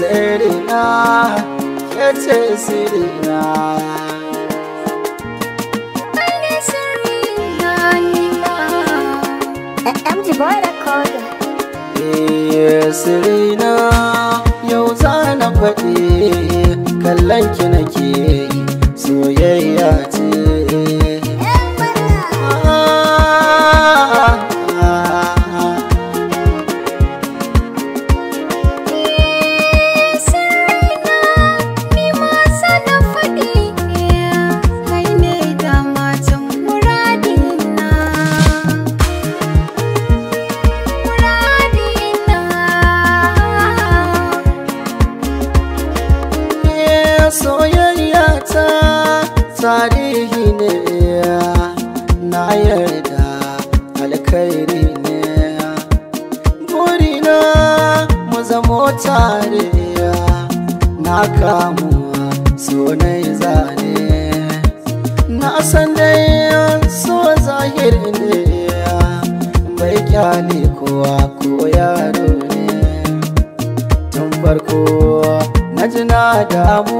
sirina ke ce sirina sirina yau za na faɗi kallon ki nake soyayya ce soyayya ta tarihi ne na yarda alkhairi ne burina mu zamo tare na kamuwa sonai zane na san dai so zahiri ne bai kyale kowa ko yaro ne tun farko na ji na damu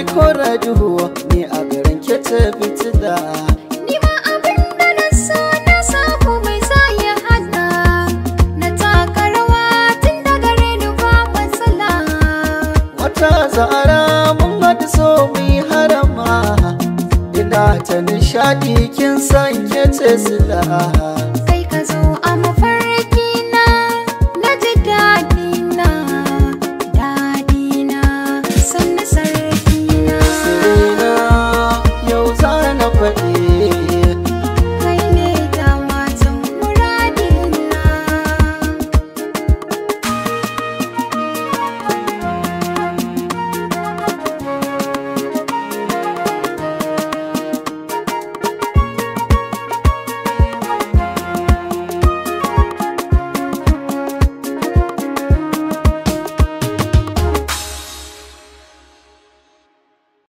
wai kora duhu ni a garin ke fitila. tida ni ma abin da na so na samu mai zai hana na taka rawa tun da gare ni ba matsala wata zara mun hadu so mu harama ina ta nishaɗi kin san ke ce sila